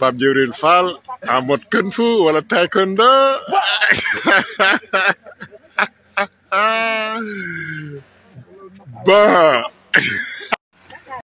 Pape Djibril Fall en mode kung fu wala taekwondo ba